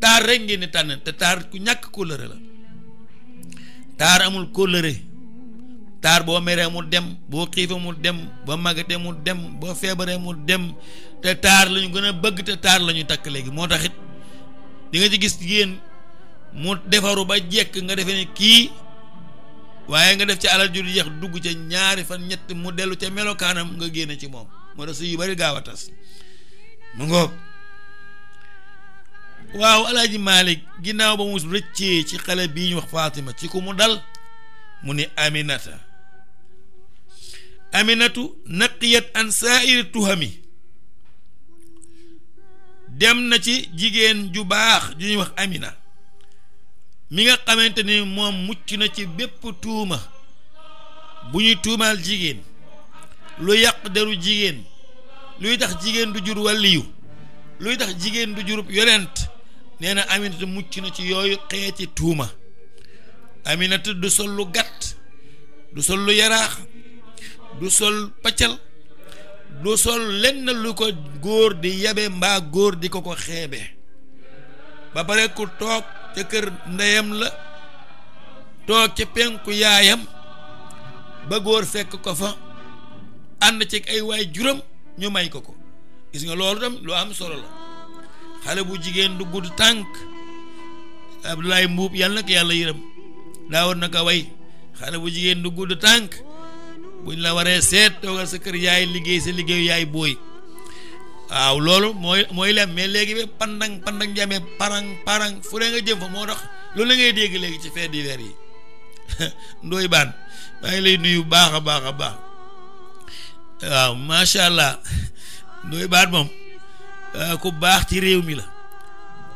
taar rek ngeen di tànn te taar ku ñàkk kóllëre la taar amul kóllëre taar boo meree mu dem boo xiifee mu dem ba magate mu dem boo feebaree mu dem te taar lañu gën a bëgg te taar lañuy takk léegi moo taxit di nga ci gis yéen mu defaru ba jekk nga defee ne kii waaye nga def ci alal ju jeex dugg ca ñaari fan ñett mu dellu ca melokaanam nga génne ci moom moo tax su yu bari gaaw a tas mu ngoog waaw alaaji Malick ginnaaw ba mu rëccee ci xale bii ñu wax Fatima ci ku mu dal mu ni Aminata aminatu naqiyat an saairi tuhami dem na ci jigéen ju baax ju ñuy wax amina mi nga xamante ni moom mucc na ci bépp tuuma bu ñuy tuumaal jigéen lu yàq deru jigéen luy tax jigéen du jur wàlliyu luy tax jigéen du jurub yonent nee na aminatu mucc na ci yooyu ci tuuma aminatu du sol lu gàtt du sol lu yaraax du sol paccal du sol lenn lu ko góor di yabe mbaa góor di ko ko xeebe ba pare ku toog ca kër ndeyam la toog ca penku yaayam ba góor fekk ko fa ànd ci ay waay juróom ñu may ko ko gis nga loolu tam lu am solo la xale bu jigéen du gudd tànk lay Mbuub yàlla na ko yàlla yërëm daa war na ko way xale bu jigéen du gudd tànk buñ la waree seet toogal sa kër yaay liggéey sa liggéeyu yaay booy waaw loolu mooy mooy lem mais léegi bi pandang pandang jamee parang parang fu dee nga jëm fa moo tax loolu la dégg léegi ci fête d'hiver yi ndooy maa ngi lay nuyu baax a baax a baax waaw macha allah ndooy baan moom ah, ku baax ci réew mi la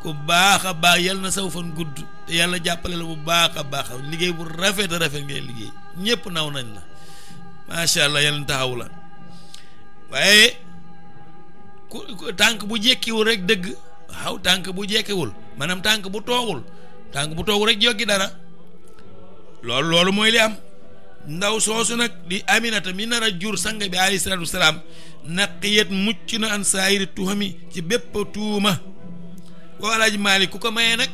ku baax a baax yal na saw fan gudd te yàlla jàppale la bu baax a baax liggéey bu rafet rafet ngay liggéey ñëpp naw nañ la macha allah yàlla taxaw la ku tànk bu jekkiwul rek dëgg waaw tànk bu jekkiwul maanaam tànk bu toogul tànk bu toogul rek joggi dara loolu loolu mooy am ndaw soosu nag di aminata mi nar a jur bi alayhi salaatu wasalaam naqiyat mucc na an saayiri tuhami ci bépp tuuma waaw alaaji maalik ku ko mayee nag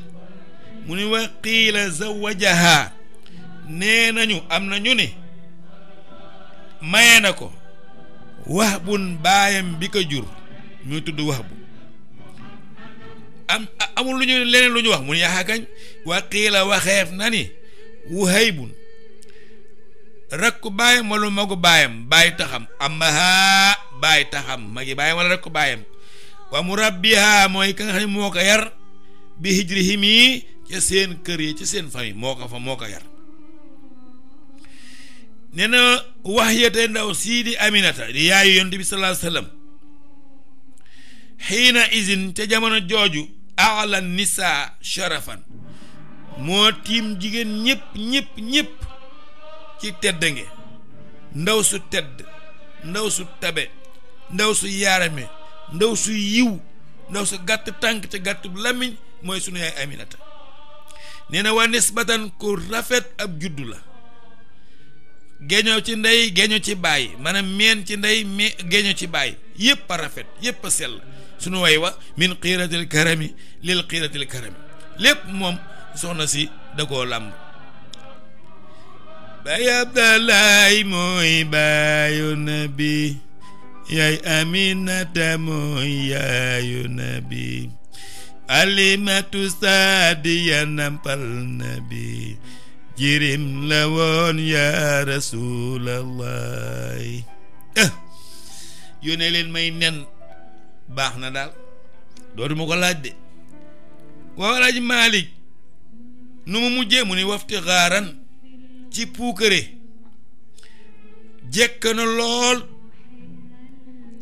mu ni wa qiila zawajaha nee nañu am na ñu ne maye na ko wax bun baayam bi ko jur muy tudd wax bu am amul lu ñu leneen lu ñu wax mu ne yaa kañ wa qiila waxeef na ni wuhaybun rakku baayam wala magu baayam baay taxam amma haa baay taxam magi baayam wala rakku baayam wa mu mooy ka nga xam ne moo ko yar bi hijrihim yi ca seen kër yi ci seen famille moo ko fa moo ko yar nee na wax ndaw sii di aminata di yaayu yonent bi sallallahu xiina isin ca jamono jooju ala nisa sharafan moo tiim jigéen ñëpp ñëpp ñëpp ci tedd nge ndaw su tedd ndaw su tabe ndaw su yaarame ndaw su yiw ndaw su gàtt tànk ca gàtt bu làmmiñ mooy sunu yaay aminata nee na waa nisbatan ku rafet ab juddu la géñoo ci ndey géño ci baay maanaam meen ci ndey me géño ci baay yëpp a rafet yëpp a sell suñu way wa min xiiratil karami lil xiiratil karami lépp moom soxna si da koo làmb baay abdalaay mooy baayu nabi yaay aminata mooy yaayu nabi alimatu saadiya nampal nabi jirim la woon yaa rasuulallahi eh, yónnee leen may nen baax na daal dootuma ko laaj de waaw laaj Malick nu mu mujjee ni wafti xaaran ci puukare jekk na lool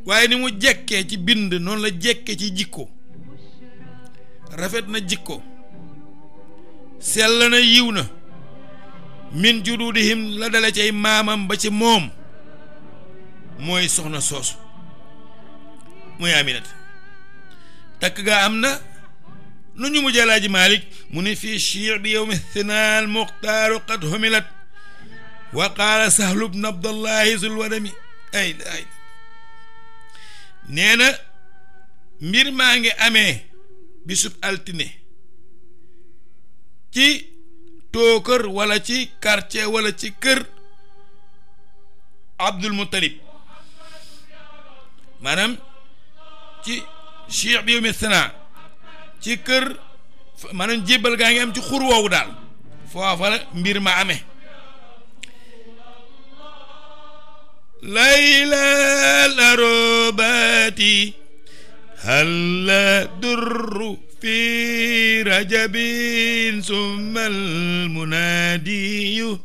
waaye ni mu jekke ci bind noon la jekkee ci jikko rafet na jikko sell na yiw na min jududihim la dale cay maamam ba ci moom mooy soxna soosu muy Aminata takk ga am na lu ñu mujjee laaji Malik mu ne fii chiir bi yow mi sinaal muxtaaru qad humilat wa qaala sahlu bnu abdallahi zulwadami ay ay nee na mbir maa ngi amee bisub altine ci tookër wala ci quartier wala ci kër Abdul Muttalib maanaam ci Cheikh bi mi sana ci kër maanaam jébbal gaa ngi am ci xur woowu daal foofa mbir ma amee layla larobati halla durru في رجب ثم المنادي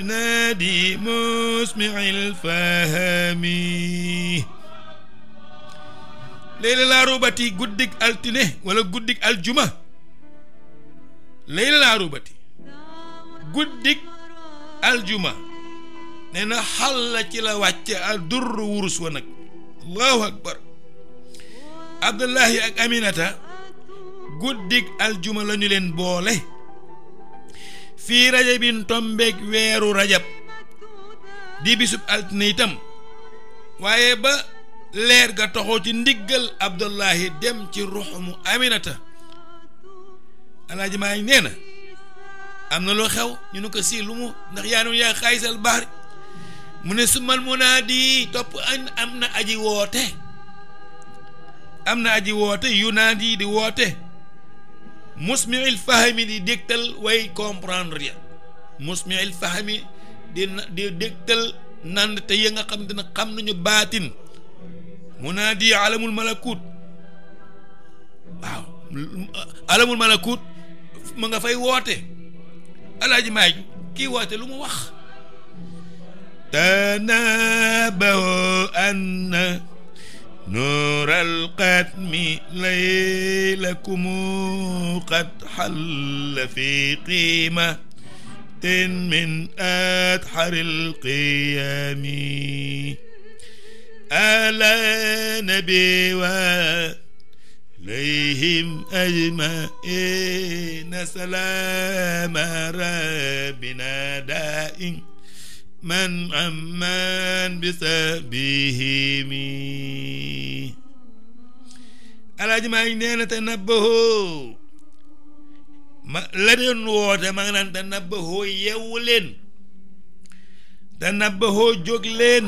نادي مسمع الفهم ليلة العروبة guddik altine wala guddik aljuma Leylal Arubati guddik aljuma nee na xàlla ci la wàcce al durr wurus wa nag allahu akbar Abdullahi ak Aminata guddig aljuma lañu leen boole fii rajabin tombeeg weeru rajab di bisub altine itam waaye ba leer ga toxoo ci ndiggal abdullahi dem ci ruxumu aminata alaaji nee na am na lu xew ñu ne ko si lu mu ndax yaa noonu yaa xaayisal baar mu ne sumal di topp an am na aji woote am na aji woote yu naadi di woote musmiil fahami di dégtal way comprendre ya musmiil fahami di di dégtal nand te ya nga xam ne xam nañu baatin munaadi alamul malakut waaw alamul malakut mu nga fay woote alaaji maaj kii woote lu mu wax tanabao anna نور القتم ليلكم قد حل في قيمة من أدحر القيام ألا نبي وليهم أجمعين سلام ربنا دائم من عمان بسبهم alaaji maa ngi nee na te nabbahoo ma la doon woote ma ngi naan te nabbahoo yeewu leen te nabbahoo jóg leen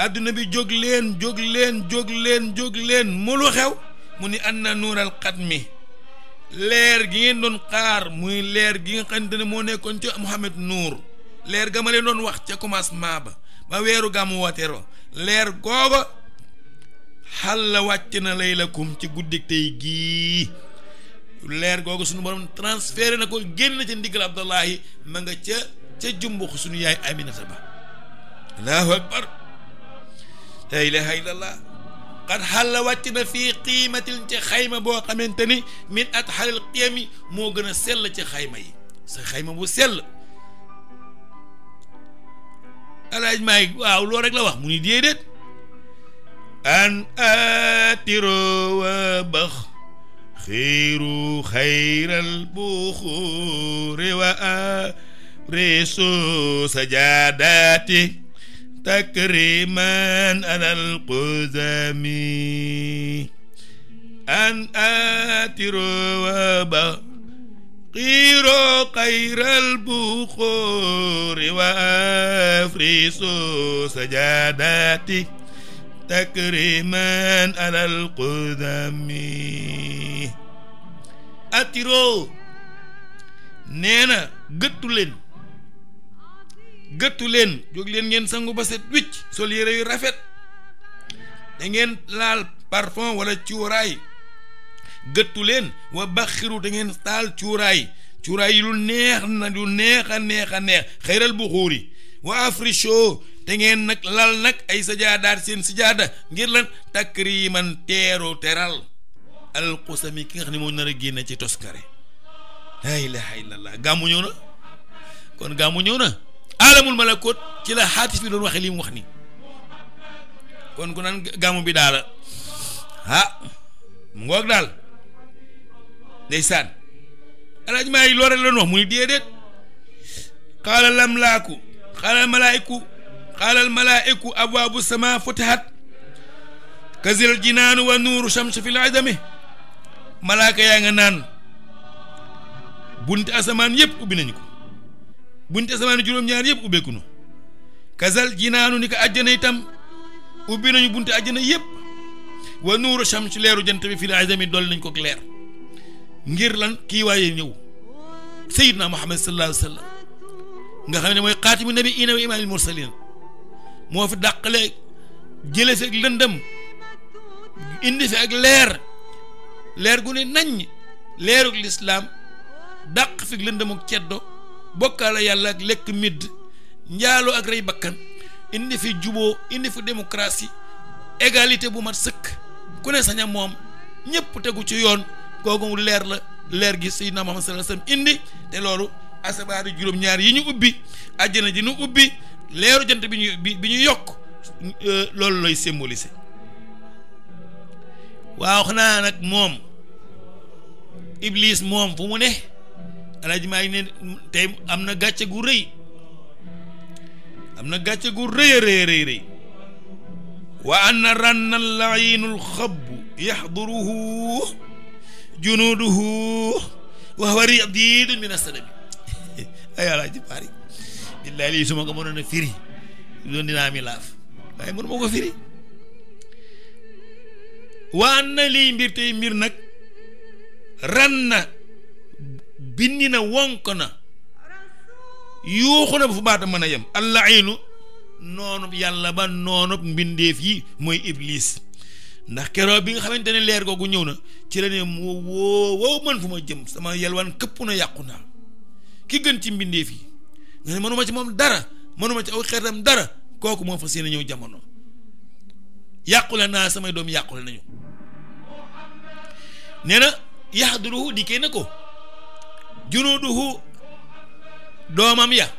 adduna bi jóg leen jóg leen jóg leen jóg leen mu lu xew mu ni an na nuural xat mi leer gi ngeen doon xaar muy leer gi nga xamante ne moo nekkoon ci Muhammad Nuur leer ga ma leen wax ca commencement ba ba weeru gàmm wooteeroo leer googa xal la wàcc na lay kum ci guddik tey gii leer googu suñu borom transféré na ko génn ca ndigal Abdullahi ma nga ca ca jumbux suñu yaay Aminata Ba allahu akbar la ilaha illallah qad xalla wàcc na fii qiimatin ci xayma boo xamante ni min at xalil qiyami moo gën a sella ci xayma yi sa xayma bu sell alaaj Maalik waaw loolu rek la wax mu ni déedéet an atiro wa bax xiiru xayral buxuuri wa arisu sajaadaati takriman alal quzami an atiro wa bax xiiroo xayral buxoori wa afrisu sajaadaati takriman alal qudami attiroo nee gëttu leen gëttu leen jóg leen ngeen sangu ba set wicc sol yére yu rafet da ngeen laal parfum wala cuuraay gëttu leen wa baxiru te ngeen taal cuuraay cuuraay yi lu neex na lu neex a neex a neex xëyral bu xuuri wa afrisho te ngeen nag lal nag ay sajaadaat seen sajaada ngir lan takriman teeru teral alxusami ki nga xam ne moo nar a génne ci toskare laa la illallah gàmmu ñëw na kon gàmmu ñëw na alamul malakot ci la xaatis bi doon waxee li mu wax ni kon ku naan gàmmu bi daal ah mu ngoog daal ndeysaan alaaj maa yi loore la mu ni déedéet xaalal amlaaku xaalal malaayiku xaalal malaayiku abwaabu sama futihat kazil jinaanu wa nuuru shams fil malaaka yaa nga naan bunti asamaan yëpp ubbi nañu ko bunti asamaan juróom-ñaar yëpp ubbeeku na kazal jinaanu ni ko àjjana itam ubbi nañu bunti àjjana yëpp wa nuuru shams leeru jant bi fil adami nañ ko leer ngir lan kii waaye ñëw sayidna muhammad sallallahu alayhi wa sallam nga xam ne mooy xaatimu nabi ina wa imaamil mursalin moo fi dàqale jële fi ak lëndëm indi fi ak leer leer gu ne naññ leeruk lislaam dàq fi ak lëndëmuk ceddo bokkaale yàlla ak lekk midd njaaloo ak rey bakkan indi fi juboo indi fi démocratie égalité bu mat sëkk ku ne moom ñëpp tegu ci yoon googu leer la leer gi Seydina Muhammad sallallahu alayhi wasallam indi te loolu asabaaru juróom-ñaar yi ñu ubbi àjjana ji ñu ubbi leeru jant bi ñu bi ñu yokk euh, loolu lay symboliser waaw xanaa nag moom Iblis moom fu mu ne alaaji maa ngi tey am na gàcce gu rëy am na gàcce gu rëy a rëy rëy rëy wa anna ranna laayinul xabb yaxduruhu junuuduhu wa huwa radiidun min as-salami ay alaaji Paari billaay lii su ma ko mënoon a firi doon dinaa ami laaf waaye mënu ma ko firi waan na liy mbir mbir nag ran na bindi na wonk na yuuxu na ba fu baata mën a yem allah aynu noonub yàlla ba noonub mbindeef yi mooy iblis ndax keroo bi nga xamante ne leer googu ñëw na ci la ne moo woo woo man fu ma jëm sama yelwaan këpp na yàqu naa ki gën ci mbindeef yi nga ne mënuma ci moom dara mënuma ci aw xeetam dara kooku moo fas yéene ñëw jamono yàqule naa samay doom yàqule nañu nee na yaxduruhu dikkee na ko junuduhu doomam ya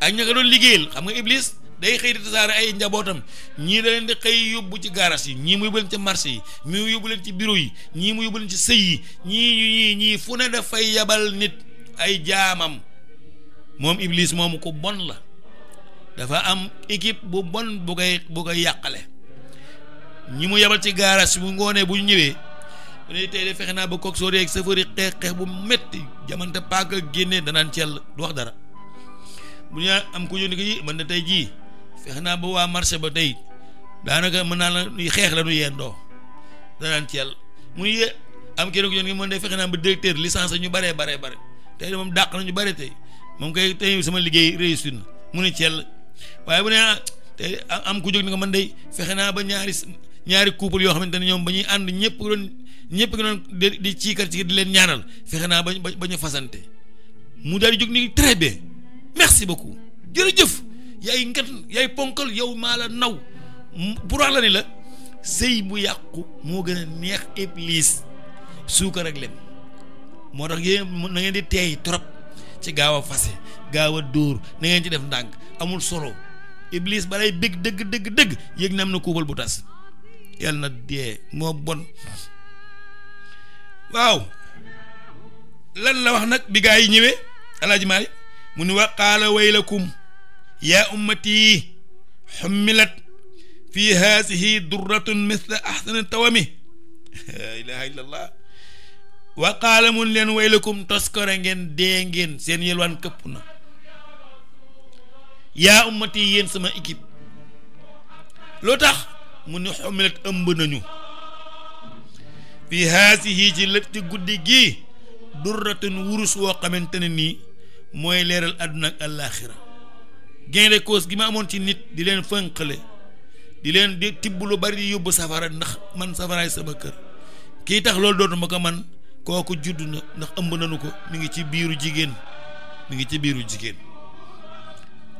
ak ña ko doon liggéeyal xam nga iblis day xëy di tasaare ay njabootam ñii da leen di xëy yóbbu ci garas yi ñii mu yóbbu leen ci marché yi ñii mu leen ci bureau yi ñii mu yóbbu leen ci sëy yi ñii ñii ñii fu ne dafay yabal nit ay jaamam moom Iblis moomu ko bon la dafa am équipe bu bon bu koy bu koy yàqale ñi mu yabal ci gaaras bu ngoonee bu ñëwee bu ne tey de fexe naa ba cox sóoree ak safari xeex xeex bu métti jamante paaka génnee danaan cell du wax dara bu ñu am ku yónni ko yi man na tey jii. fexe naa ba waa marché ba tey daanaka mën naa la xeex la nu yendoo danaan ci yàlla muy am kenn ku ñu ngi mën de fexe naa ba directeur licence ñu baree baree bare tey moom ñu bare tey moom koy sama liggéey réussir na mu ne waaye bu ne ah, tey am ku jóg ni ko man de fexe naa ba ñaari ñaari couple yoo xamante ne ñoom ba ñuy ànd ñëpp doon ñëpp ngi doon di ciikar ci di leen ñaanal fexe naa ba ba ñu fasante mu daal di jóg ni très bien merci beaucoup jërëjëf yaay ngen yaay ponkal yow maa la naw pour wax la ni la sëy bu yàqu moo gën a neex iblis suukar ak lem moo tax yéen na ngeen di teey trop ci gaaw a fase gaaw a dóor na ngeen ci def ndànk amul solo iblis balay bég dëgg dëgg dëgg yëg na am na kuubal bu tas yàlla na dee moo bon waaw lan la wax nag bi gaa yi ñëwee alaaji maali mu ni wa qaala waylakum yaa ummati xummilat fi haasihi durratun misla ahsani tawami laa ilaha illa allah wa qaala mun leen waylakum toskore ngeen dee ngeen seen yelwaan këpp na yaa ummati yéen sama équipe loo tax mu ni xummilat ëmb nañu fi haasihi ci lëpp ci guddi gii durratun wurus woo xamante ne nii mooy leeral àdduna ak gain koos cause gi ma amoon ci nit di leen fënqale di leen di tibb lu bari di yóbbu safara ndax man safaraay sama kër kii tax loolu dootuma ko man kooku judd na ndax ëmb nañu ko mu ngi ci biiru jigéen mi ngi ci biiru jigéen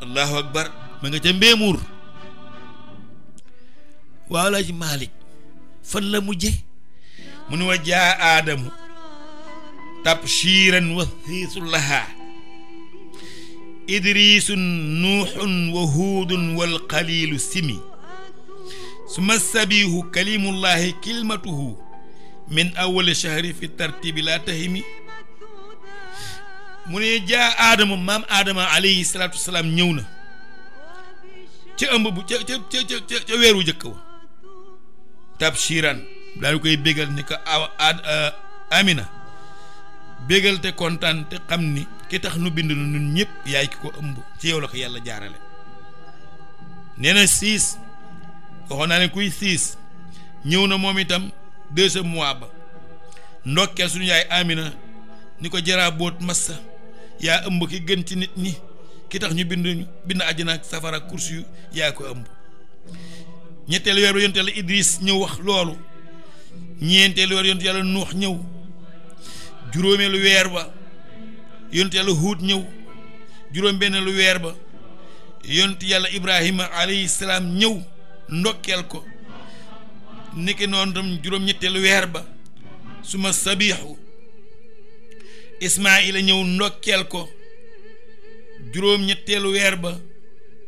allahu akbar mu nga ca mbéemuur waaw laa maalik fan la mujje mu ni wa jaa aadamu tabshiran wa hiisulahaa idrisun nuuxun wa huudun walqalilu simi suma sabihu kalimullahi kilmatuhu min awali chahri fi tartibi laa tahimi mu ne jaa aadama maam aadama alayhi salaatu wasalaam ñëw na ca ëmb bu ca ca weeru jëkk wa tabshiran daal koy bégal ni ko aw euh, amina bégal te kontaan te xam ni ki tax ñu bind nu ñun ñëpp yaay ki ko ëmb ci yow la ko yàlla jaarale nee na siis waxoon naa ne kuy siis ñëw na moom itam deuxième mois ba ndokkeel suñu yaay Amina ni ko jaraa boot massa yaa ëmb ki gën ci nit ñi ki tax ñu bind ñu bind àjjana ak safara kursi yaa ko ëmb ñetteelu weer ba yontu yàlla Idris ñëw wax loolu ñeenteelu weer yontu yàlla nuux ñëw juróomeelu weer ba yonent yàlla huut ñëw juróom-benn lu weer ba yonent yàlla ibrahima alayhi salaam ñëw ndokkeel ko niki noonu tam juróom-ñetteelu weer ba suma sabiixu ismaila ñëw ndokkeel ko juróom-ñetteelu weer ba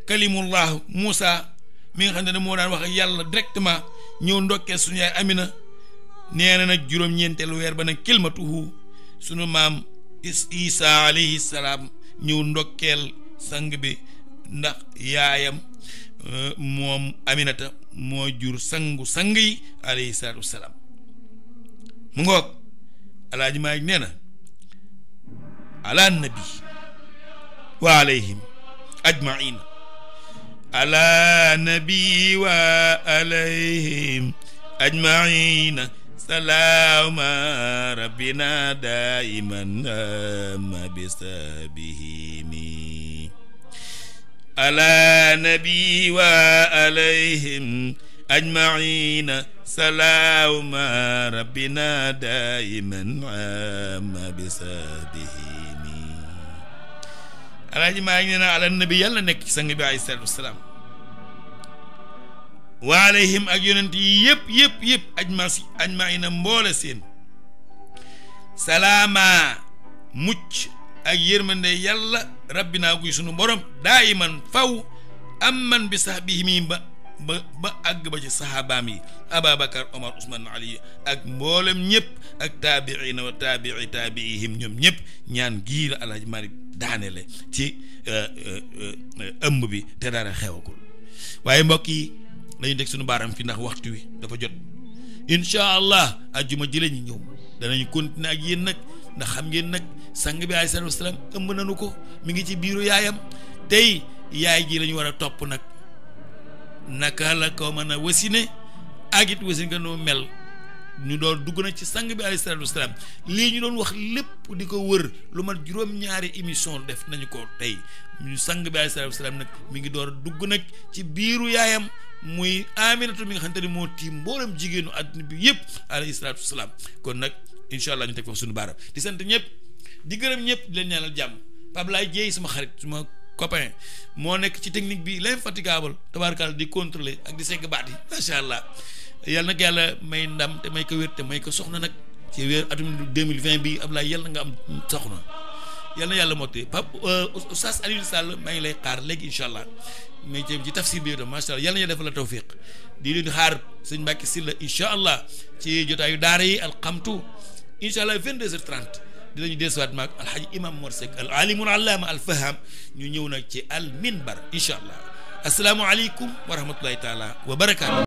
kalimullah Moussa mi nga xam ne moo daan wax ak yàlla directement ñëw ndokkeel suñu yaay amina nee na nag juróom-ñeenteelu weer ba nag kilmatuhu suñu maam isa alayhi salaam ñëw ndokkeel sang bi ndax yaayam euh, moom aminata moo jur sangu sang yi alayhi salaatu wasalaam mu ngoog alaaji maaj nee na ala wa alayhim ajmain ala nabi wa alayhim ajmaina سلام ربنا دائما ما بسبهيم على نبي وعليهم أجمعين سلام ربنا دائما ما بسبهيم alaaji maa ngi nee na ala nabi yàlla nekk ci sang bi alayhi salaatu wa salaam wa alayhim ak yonent yi yëpp yëpp yëpp ajma si ajmaina mboole seen salaama mucc ak yërmande yàlla rabbi naa guy sunu borom daayiman faw am man bi sax bi himi ba ba ba àgg ba ci saxaabaam yi Ababacar Omar Ousmane Ali ak mboolem ñëpp ak taabiina wa taabii taabiihim ñoom ñëpp ñaan gii la Alaaji Maalik daanele ci eh, eh, eh, ëmb bi te dara xewagul waaye mbokk dañuy teg suñu baaram fi ndax waxtu wi dafa jot incha allah ajjuma ji la ñu ñëw danañ continuer ak yéen nag ndax xam ngeen nag sang bi alayhi salaatu ëmb nañu ko mi ngi ci biiru yaayam tey yaay ji lañu war a topp nag naka la ko mën a wasine ak it wasine nga noo mel ñu door dugg na ci sang bi alayhi salaatu wasalaam lii ñu doon wax lépp di ko wër lu mat juróom-ñaari émission def nañu ko tey ñu sang bi alayhi salaatu nag mi ngi door dugg nag ci biiru yaayam muy aminatu mi nga xamante ne moo tiim mboolem jigéenu àdduna bi yëpp alayhi salaatu wasalaam kon nag incha allah ñu teg foofu suñu baaram di sant ñëpp di gërëm ñëpp di leen ñaanal jàmm Pape Laye Dieye sama xarit suma copain moo nekk ci technique bi l'infatigable tabaarkaal di contrôler ak di segg baat yi macha allah yàlla nag yàlla may ndam te may ko wér te may ko soxna nag ci wér atum 2020 bi Ablaye yàlla nga am soxna yal na yàlla mottali Pape euh, Oustaz Alioune Sall maa ngi lay xaar léegi allah mais jëm ci tafsir bi itam macha allah yal na yàlla defal la tawfiq di leen xaar sëñ Mbacke Sylla incha allah ci jotaayu daara yi alxamtu incha allah 22h30 dinañu deesuwaat maag alxaji imam Mor Seck al alimul allama al faham ñu ñëw nag ci al minbar incha allah asalaamualeykum wa rahmatullahi taala wa barakaatu.